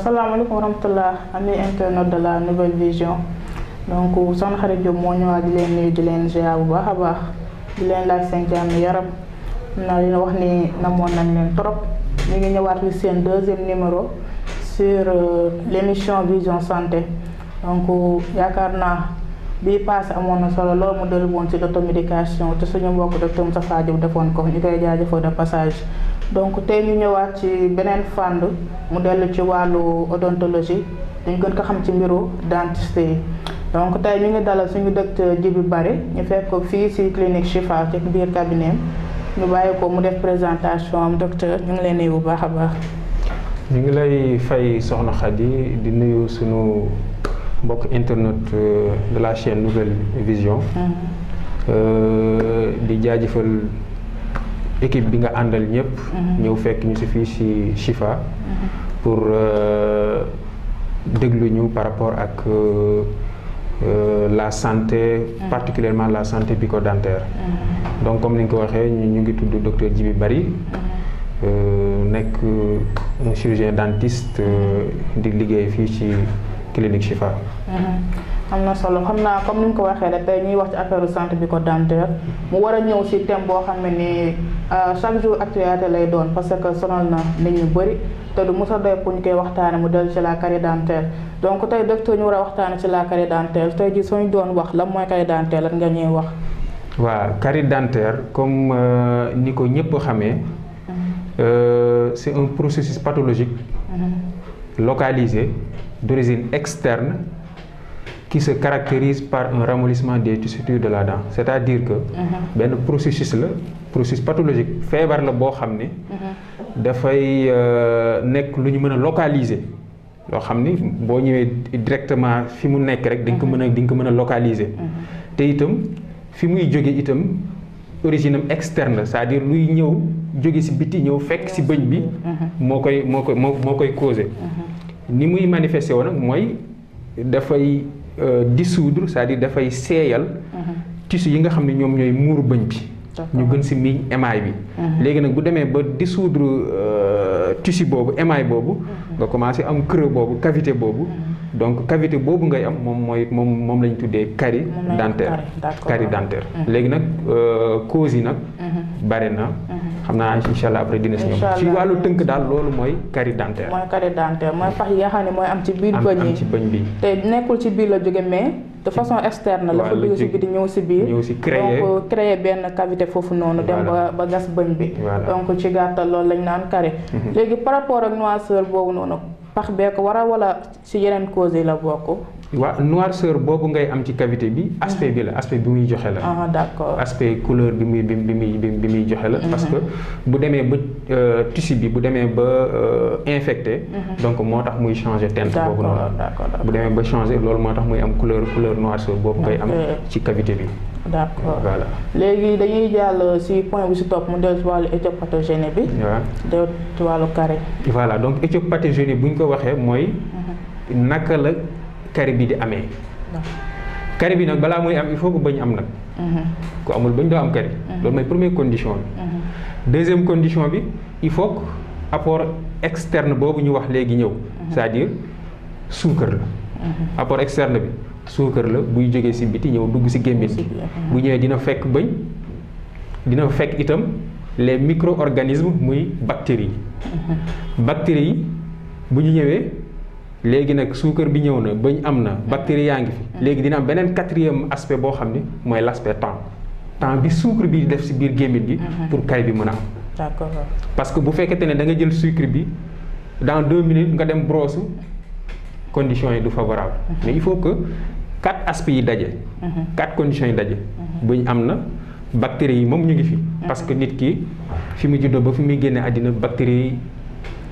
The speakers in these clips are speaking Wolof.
salaamaaleykum wa rahmatulah ami internet de la nouvelle vision donc soxna Xarit Diop moo ñëwaat di leen nuyu di leen ziar bu baax baax di leen laaj seen jàmm yaram na leen wax ni namo nañ leen trop ñi ngi ñëwaat li sen deuxième numéro sur euh, l'émission vision santé donc yaakaar naa bii paase amoon solo lo mu dël woon ci automédication te suñu mbokk docteur Moustapha Diop defoon ko ñu koy jaajëfoo de passage. donc tey ñu ñëwaat ci beneen fànn mu dellu ci wàllu odontologie dañ gën ko xam ci mbiru dentiste yi donc tey ñu ngi dala suñu docteur Djibi Bari ñu fekk ko fii si clinique Chifa ci biir cabinet ñu bàyyi ko mu def présentation am docteur ñu ngi lay nuyu bu baax a baax. ñu ngi lay fay soxna Khady di nuyu suñu mbokk internet euh, de la chaîne Nouvelle Vision. Euh, di jaajëfal. équipe bi nga àndal ñëpp. Mhm. ñëw fekk ñu si fii si chiffa mhm. pour euh, déglu ñu par rapport ak euh, euh, la santé. Mhm. particulièrement la santé bucco-dentaire. donc comme ni nga ko waxee ñu ngi tudd docteur Djibi Bari. nekk un chirurgien dentiste di liggéey fii ci clinique Chifa. am na solo xam naa comme ni nga ko waxee rek tey ñuy wax ci affaire centre bucco-dentaire mu war a ñëw si thème boo xam ne nii euh, chaque jour actualité lay doon parce que sonal na nit ñu bëri te du mos a doy pour ñu koy waxtaane mu dellu ci la carie dentaire donc tey docteur ñu war a waxtaane ci la carie dentaire tey jii suñu doon wax lan mooy carie dentaire lan nga ñuy wax. waa carie dentaire comme euh, ni ko ñëpp xamee mm-hmm. euh, c'est un processus pathologique mm-hmm. localisé d'origine externe. qui se caractérise par un ramollissement des structures de la dent c'est-à-dire que ben, processus le processus pathologique feebar la boo xam ne mhm. dafay euh, nekk lu ñu mën a localiser loo xam bon il directement fi mu nekk rek dañ ko mhm. mën a ko mën a localiser itam fi muy jóge itam origine externe c'est-à-dire luy ñëw jóge ci biti ñëw fekk ci bëñ bi moo koy moo koy moo moo koy causé ni muy manifesté woon nag mooy dafay Euh, dissoudre c'est-à-dire dafay seeyal mhm. tissu yi nga xam ne ñoom ñooy muuru bëñ bi ñu gën si miiñ émail bi mhm. léegi nag bu demee ba dissoudre euh, tissu boobu émail boobu mhm. nga commencé am creux boobu cavité boobu donc cavité boobu ngay am moom mooy moom moom la tuddee carie dentaire carie dentaire léegi nag euh, causes yi nag bare na xam naa incha allah après dina si ñëw ci wàllu tënk daal loolu mooy carie dentaire. mooy carie pax yi nga ne mooy am ci biir bëñ yi am ci bëñ bi te nekkul ci biir la jóge mais de façon externe la fa jóge si biti ñëw si biir ñëw si créer donc euh, benn cavité foofu noonu dem ba ba gas bëñ bi donc ci gàttal loolu lañ naan carie mhm. léegi par rapport ak noirceur boobu noonu pax bee ko waral wala si yeneen cause yi la bokk waaw noirceur boobu ngay am ci cavité bi aspect bi la aspect bi muy joxe la. ah d'accord aspect couleur bi muy bi muy bi muy joxe la. parce que bu démé bu euh, tissu bi bu démé ba euh, infecté. Mhm. donc motax muy changer teinte boobu noonu. d'accord bu démé ba changer loolu motax muy am couleur couleur noirceur boobu ngay am ci cavité bi. d'accord voilà légui dañuy jall ci point bi ci top mu dellu si étiopathogène bi. waaw dellu carré. voilà donc éthiopathogénie buñ ko waxé moy mhm. naka la kari bi di amee kari bi nag balaa mooy am il faut que bañ am nag mhm. ku amul bañ doo am kari mhm. loolu mooy première condition bi mhm. deuxième condition bi il faut que apport externe boobu ñu wax léegi ñëw cest à suukar la apport externe bi suukar la buy jógee ci biti ñëw dugg si gémmiñ gi bu ñëwee dina fekk bëñ dina fekk itam les micro-organismes muy bactéries yi bactéries yi bu ñu ñëwee légui nak sucre bi ñëw na bañ amna bactéries yaa ngi fi légui dina am 4 quatrième aspect bo xamni moy l'aspect temps temps bi sucre bi def si biir gemit bi mm-hmm. pour kay bi mëna am d'accord parce que bu fekkente ne da nga jël sucre bi dans deux minutes nga dem brosse conditions yi du favorable mm-hmm. mais il faut que quatre aspects yi dajé mm-hmm. quatre conditions yi dajé buñ am bactéries yi moom ñu ngi fi parce que nit ki fi mu jiddo ba fi mu génne adina bactéries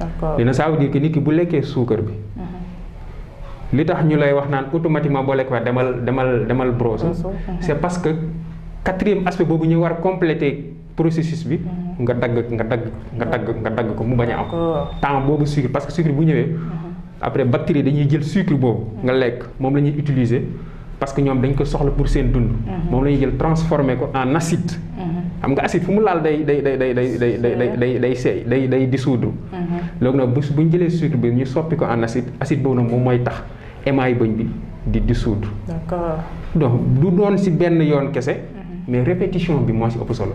d'accord dina ça veut dire que nit ki bu lekkee suukar bi. Mhm. li tax ñu lay wax naan automatiquement boo lekk waat demal demal demal brosse. Mhm. c'est parce que quatrième aspect boobu ñu war compléter processus bi. Mhm. nga dagg nga dagg nga dagg nga dagg ko mu bañ a am. temps boobu sucre parce que sucre bu ñëwee. après bactéries dañuy jël sucre boobu. nga lekk moom la ñuy utiliser parce que ñoom dañ ko soxla pour seen dund. moom la ñuy jël transformer ko en acide. xam nga acide fu mu laal day day day day day day day day day seey day day dissoudre. Mhm. loolu nag bu bu ñu jëlee sucre bi ñu soppi ko en acide acide boobu nag moom mooy tax émail bëñ bi di dissoudre. d'accord donc du doon si benn yoon kese. Mhm. mais répétition bi moo si ëpp solo.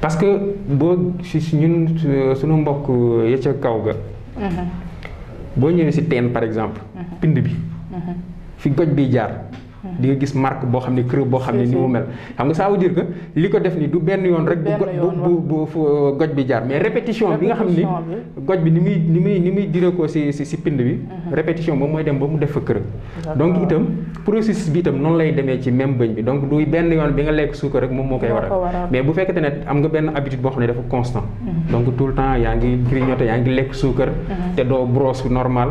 parce que boo si ñun suñu mbokk ya ca kaw ga. Mhm. boo ñëwee si teen par exemple. pind bi. fi goj bi jaar. di nga gis marque boo xam ne creux boo xam ne ni mu mel xam nga ça veut dire que li ko def ni du benn yoon rek bu bu euh, goj bi jaar mais répétition bi nga xam ni goj bi ni muy ni muy ni muy dire ko si si si pind bi mhm. répétition moom mooy dem ba mu def fa creux donc itam processus bi itam noonu lay demee ci même bëñ bi donc du benn yoon bi nga lekk suukar rek moom moo koy waral mais bu fekkente ne am nga benn habitude boo xam ne dafa constant mhm. donc tout le temps yaa ngi grignoter yaa ngi lekk suukar mhm. te doo brosse normal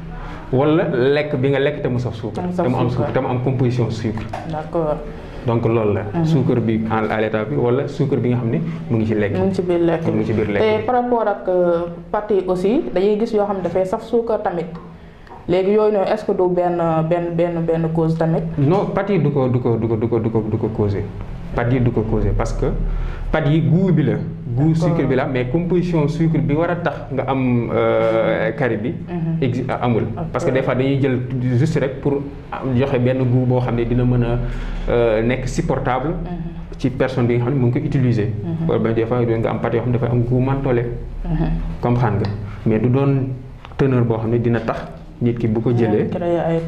wala lekk bi nga lekk te mu saf suukar. te mu am suukar te mu am composition sucre. donc loolu la. Mhm. suukar bi en à bi wala suukar bi nga xam ne mu ngi ci lekk. mu ngi ci biir lekk mu ngi ci biir lekk te par rapport ak euh, pâtes aussi dañuy gis yoo xam ne dafay saf suukar tamit léegi yooyu noonu est-ce que du benn benn benn benn cause tamit. non pâtes du ko du ko du ko du ko du ko du ko causé. pâte du ko causer parce que pâte yi goût bi la. goût sucre bi la mais composition sucre bi wara tax nga am kari euh, bi. Mhm. amul. parce que des fois dañuy jël juste rek pour joxe ben goût bo xamné dina mëna euh nek supportable. Mhm. ci personne bi nga xam ne ngi ko utiliser. Mhm. wala ba ben des fois nga am pâte yoo xam ne am goût mentholé. comme xam nga mais du doon teneur bo xamné dina tax. nit ki bu ko jëlee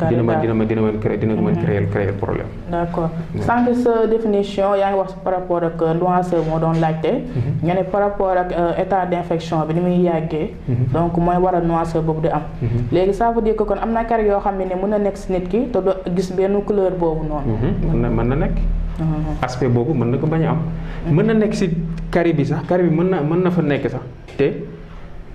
dina mën dina mën dina mën créer dina mën mm-hmm. créer créer problème. d' accord sànq sa définition yaa ngi wax par rapport ak euh, nuancé moo doon laajte. Mm-hmm. nga ne par rapport ak euh, état d' infection bi ni muy yàggee. Mm-hmm. donc mooy waral nuancé boobu di am. léegi ça veut dire que kon am na kër yoo xam ne mën na nekk si nit ki te doo gis benn couleur boobu noonu. mën na mën na nekk. aspect boobu mën na ko bañ a am. mën na nekk si kari bi sax kari bi mën na mën na fa nekk sax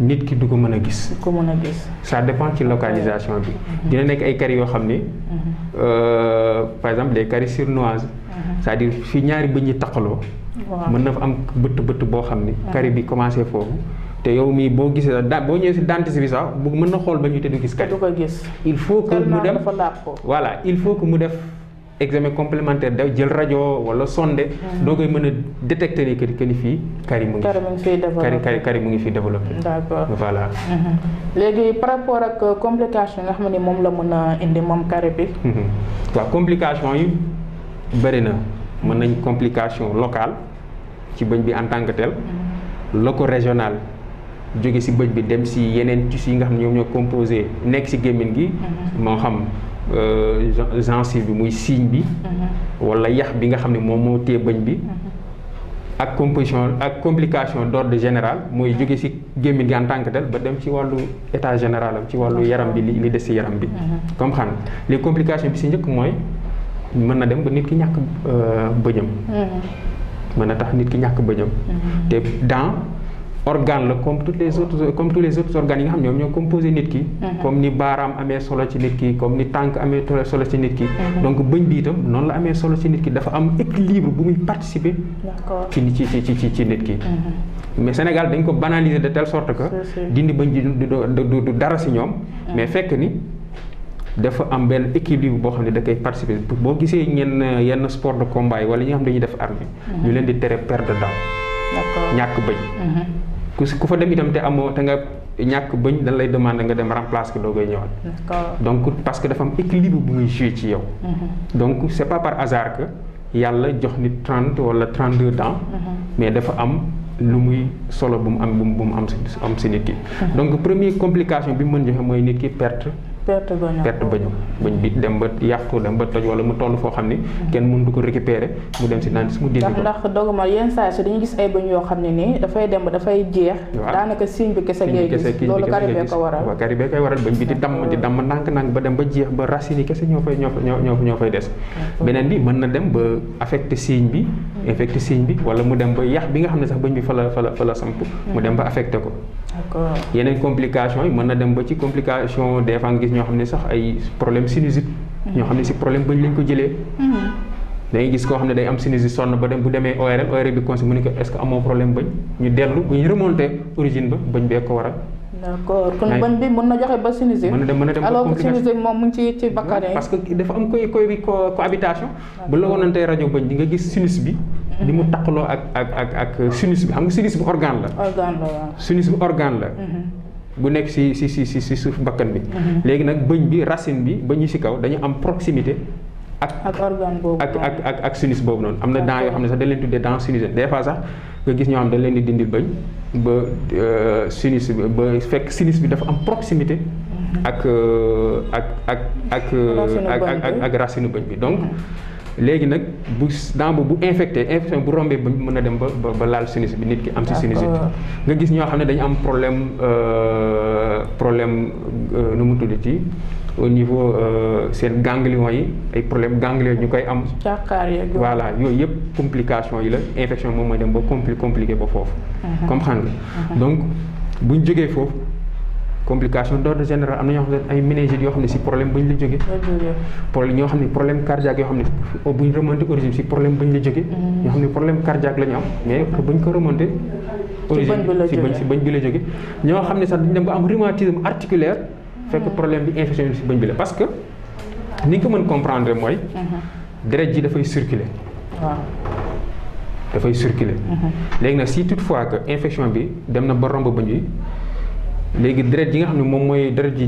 nit ki du ko mën a gis. du ko mën a gis. ça dépend ci localisation bi. dina nekk ay caries yoo xam ne. Euh, par exemple les caries surnoises. c'est-à-dire fi ñaari bëñ yi taqaloo. mën na fa am bëtt bëtt boo xam ne. carie bi commencé foofu. te yow mii boo gisee sax da boo ñëwee si dentiste bi sax mën na xool ba ñu teddu du gis carie. du ko gis il faut que mu dem voilà il faut que mu def examen complémentaire da jël radio wala sonde. Hmm. dogay meuna détecter ni que ni fi karim ngi. kari mu ngi fiy développé kari mu ngi fiy développé. d'accord voilà. Hmm. légui par rapport ak complication nga xamné mom la meuna a indi moom kari bi. Hmm. waaw complication yi bëri na mën nañ complication locale ci bëñ bi en tant que tel. loco régional jóge ci bëñ bi dem ci yenen tissus yi nga xamné ne ñoo composé nek ci gémmiñ gi. mo xam. Euh, gencive bi muy signe bi mhm. wala yah bi nga xam mom mo moo téye bi mhm. ak composition ak complication d'ordre général mooy jóge ci gémmiñ gi en tant que tel ba dem ci walu état général ci walu yaram bi li li des ci yaram bi mhm. comprendre les complications bi ci ñëk moy. mëna dem ba nit ki ñak euh, bëñam mëna tax nit ki ñak bëñam té dans organe comme toutes les autres comme tous les autres organes ñom ñoo composé nit ki. Mhm. comme ni baram amé solo ci nit ki comme ni tank amé solo ci nit ki. Mhm. donc bëñ bi itam non la amé solo ci nit ki dafa am équilibre bu muy participer. ci ci ci ci ci nit ki. Mhm. mais Sénégal dañ ko banaliser de telle sorte que. dindi bañ di du dara ci ñom mais fekk ni. dafa am benn équilibre boo xam ne da koy participer boo gisee ñenn yenn sport de combat yi wala ñi nga xam dañuy def armée ñu leen di tere perte de dents. ñàkk bëñ ku si ku fa dem itam te amoo te nga ñàkk bëñ dañ lay demander nga dem remplace ko doo koy ñëwaat. donc parce dafa am équilibre bu ngay joué ci yow. Mm-hmm. donc c' pas par hasard que yàlla jox nit trente wala trente deux dents. Mm-hmm. mais dafa am lu muy solo bu mu am bu mu am si am si nit ki. Mm-hmm. donc première complication bi mu mën joxe mooy nit ki perte. perte gagnant perte bañu bañ bi dem ba yaqku dem ba toj wala mu tollu fo xamni ken mën du ko récupérer mu dem ci nantis mu dindi ko ndax dogma yeen say ci dañu gis ay bañ yo xamni ni da fay dem da fay jeex danaka signe bi kessa ngay gis lolu caribé ko waral wa caribé kay waral bañ bi di dam di dam nank nank ba dem ba jeex ba racine kessa ño fay ño fay ño fay dess benen bi mën na dem ba affecter signe bi affecter signe bi wala mu dem ba yax bi nga xamni sax bañ bi fa la fa la samp mu dem ba affecter ko yeneen complication yi mën na dem ba ci complication des fois nga gis ñoo xam ne sax ay problème sinusite ñoo xam ne si problème bañ lañ ko jëlee mm-hmm. da ngay gis koo xam ne day am sinusite sonn ba dem bu demee ORL ORL bi conseil mu ne ko est-ce que amoo problème bañ ñu dellu bu ñu remonté origine ba bañ bee ko waral d'accord kon bañ bi mën na joxe ba sinusite mën na dem mën na dem alors que sinusite moom mu ngi ci ci bakkan yi parce que dafa am koy koy bi cohabitation bu la wonantee rajo bañ di nga gis sinus bi li mm-hmm. mu taqaloo ak ak ak ak sinus bi xam nga sinus bi organe la organe la sinus bi organe la mm-hmm. bu nekk si si si si si suuf mbakkan bi. Mhm. léegi nag bëñ bi racine bi ba ñu si kaw dañu am proximité. ak ak ak ak ak ak sinus boobu noonu am na dents yoo xam ne sax dañ leen tuddee dents sinusées des fois sax nga gis ñoo xam dañ leen di dindil bëñ ba euh, sinus bi ba fekk sinus bi dafa am proximité. Mhm. Euh, ak ak ak ak ak ak bëñ bi donc. Mhm. léegi nag bu damb bu infecté infection bu rombee ba mën a dem ba ba laal sinusite bi nit ki am si nga gis ñoo xam ne dañu am problème euh, problème euh, nu mu tudd ci au niveau euh, seen ganglion yi ay problème ganglion ñu koy am voilà yooyu yëpp complication yi la infection moom mooy dem ba compli compliqué ba foofu mhm. comprendre mhm. donc buñ jógee foofu complication d'ordre général am na ñoo xam ne ay méningite yoo xam ne si problème ba ñu la jógee ah, ñoo xam ne problème cardiaque yoo xam ne bu ñu origine si problème mm-hmm. bi la jógee ñoo xam ne sax dañu dem ba am rhumatisme articulaire fekk mm-hmm. problème bi infection si bañ bi la parce que ni nga mën comprendre mooy mm-hmm. deret ji dafay circuler dafay circuler léegi nag si toutefois que infection bi dem na ba romb bañ bi léegi deret ji nga xam ne moom mooy deret ji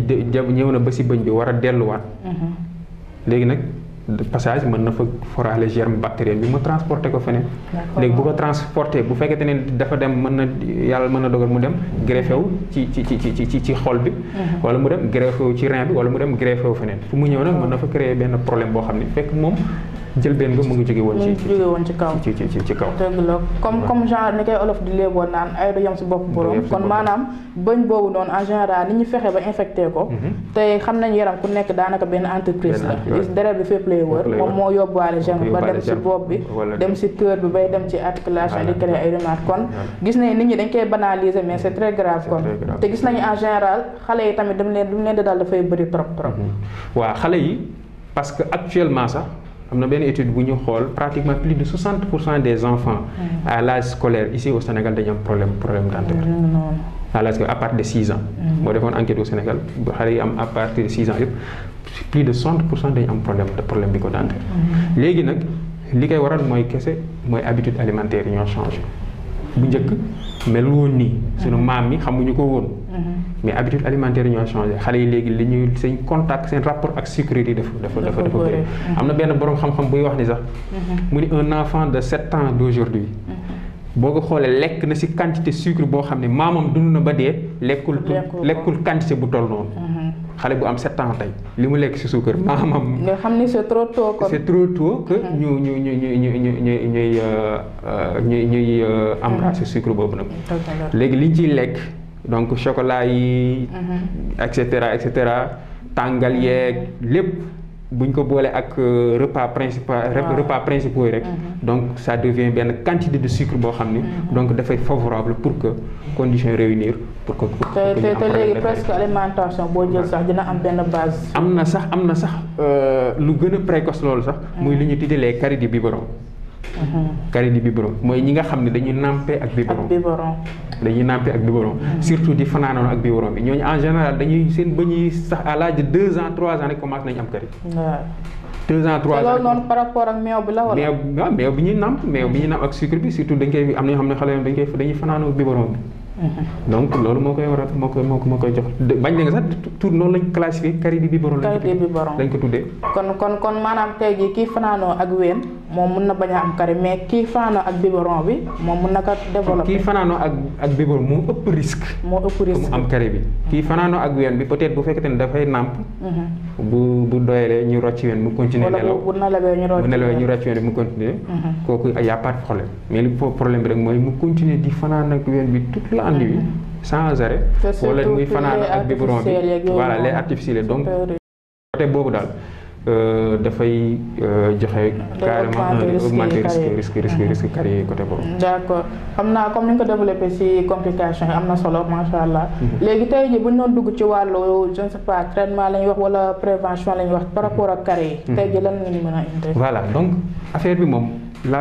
ñëw na ba si bëñ bi war a delluwaat. Mhm. léegi nag passage mën na fa foraale germe bactérien bi mu transporté ko feneen. léegi bu ko transporté bu fekkee ne dafa dem mën na yàlla mën na dogal mu dem greffé wu ci ci ci ci ci xool bi. Mhm. wala mu dem greffé wu ci rein bi wala mu dem greffé wu feneen fu mu ñëw nag mën na fa créer benn problème boo xam ne fekk moom. jël nga mu ngi jóge woon ci ci woon ci kaw ci ci ci kaw dëgg la comme comme genre ni koy olof di léeboon naan ay du yam si bopp borom kon maanaam bëñ boobu noonu en général ni ñu fexe ba infecté ko mhm. te xam nañu yaram ku nekk daanaka benn entreprise la deret bi fépp lay wër moom moo yóbbaale germe ba dem si bopp bi dem si cœur bi bay dem ci articulation di créer ay rhumates kon gis nañ nit ñi dañ koy banaliser mais c'est très grave kon te gis nañu en général xale yi tamit dam leen dam leen di daal dafay bëri trop trop mhm. waaw yi parce que actuellement sax On a étude pratiquement plus de 60 des enfants à l'âge scolaire ici au Sénégal ont des problème problème à l'âge à partir de 6 ans mm-hmm. enquête au Sénégal à partir de 6 ans plus de 60 ont des problèmes am problème de problème bucco-dentaire mm-hmm. léegi waral changé bu njëkk mel woon nii sunu mhm. maam yi xamuñu ko woon mhm. mais habitude alimentaire ñoo changé xalé yi léegi li ñuy seen contact seen rapport ak sécurité dafa def def def bëri am na benn boroom xam-xam buy wax ni sax mhm. mu un enfant de 7 ans d'aujourd'hui boo xolé lek na ci quantité sucre bo xam ne maamam na ba dé lekul lekul quantité bu toll noonu xale bu am 7 ans tay li mu lek ci soukeur mamam nga xamni c'est trop tôt quoi c'est trop tôt que ñu ñu ñu ñu ñu ñu ñu ñu ñu embrasser sucre bobu nak légui liñ ci lek donc chocolat yi etc etc tangal yek lepp buñ ko boolee ak euh, repas principal repas principaux yi rek mhm. donc ça devient benn quantité de sucre boo xam ni mhm. donc dafay favorable pour que conditions réunir pour que te te léegi presque alimentation boo jël sax dina am benn base am na sax am na sax euh, lu gën a précoce loolu sax mhm. muy li ñu tuddee les caries du biberon caries du biberon mooy ñi nga xam ne dañuy nàmpee ak biberon dañuy nàmpi ak biberon mm-hmm. surtout di fanaanoon ak biberon bi ñooñu en général dañuy seen ba ñuy sax à l'âge de deux ans trois ans rek commencé nañu am kër yi deux ans trois ans par rapport ak meew bi la wala meew meew bi ñuy nàmp meew bi ñuy nàmp ak sucre bi surtout dañ koy am na ñoo xam ne xale dañ koy dañuy fanaanoon ak bi Mm-hmm. donc loolu moo koy waral moo koy moo koy jox bañ na nga sax tur noonu lañ classifié caridi biberon. caridi biberon lañ ko tuddee. kon kon kon maanaam tey jii kii fanaanoo ak ween moom mun na bañ a am kari mais kii fanaanoo ak bi moom mun na ko développé. kii fanaanoo ak ak bi. kii fanaanoo ak ween bi peut être bu fekkee ne dafay nàmp. Mm-hmm. bu bu doyalee ñu rocc ween mu continuer nelaw bu nelawee ñu rocc ween bu mu continuer mm-hmm. kooku y' a pas de problème problème bi rek mooy mu continuer di fanaan ak ween bi toute la en lui mhm. sans arrêt wala muy fanaan ak biberon bi voilà les artificiels donc côté boobu daal euh, dafay euh, joxe carrément augmenter euh, risque mhm. ni nga ko développé si yi am na solo macha allah. Mhm. léegi tey jii bu ñu dugg ci wàllu je ne sais pas la ñuy wax wala prévention la ñuy wax par rapport ak carrière yi. tey jii lan la ñu a indi. voilà donc affaire bi moom la.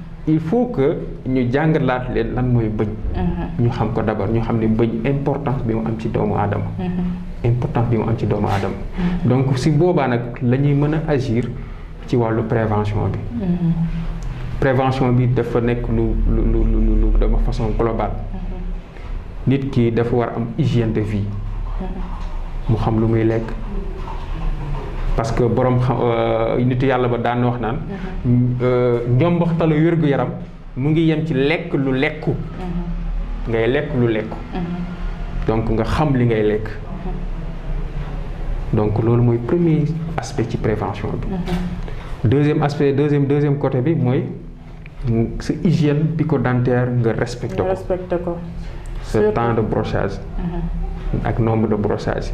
il faut que ñu jàngalaat leen lan moy bëñ. Mhm. ñu xam ko dabar ñu xam ni bëñ importance bi mu am ci doomu adam mhm. importance bi mu am ci doomu adam mhm. donc si boba nak lañuy mëna agir ci walu prévention bi. prévention bi dafa nek lu lu lu lu lu dama façon globale. nit ki dafa war am hygiène de vie. mu xam lu muy lekk parce que borom euh, nitu yalla ba daan wax mhm. euh, yaram yem ci lu lekku. Mhm. ngay mhm. donc nga xam donc premier aspect ci prévention deuxième aspect deuxième deuxième côté c'est l'hygiène, hygiène dentaire nga respecte respecte ko. temps de brossage. ak nombre de brossage.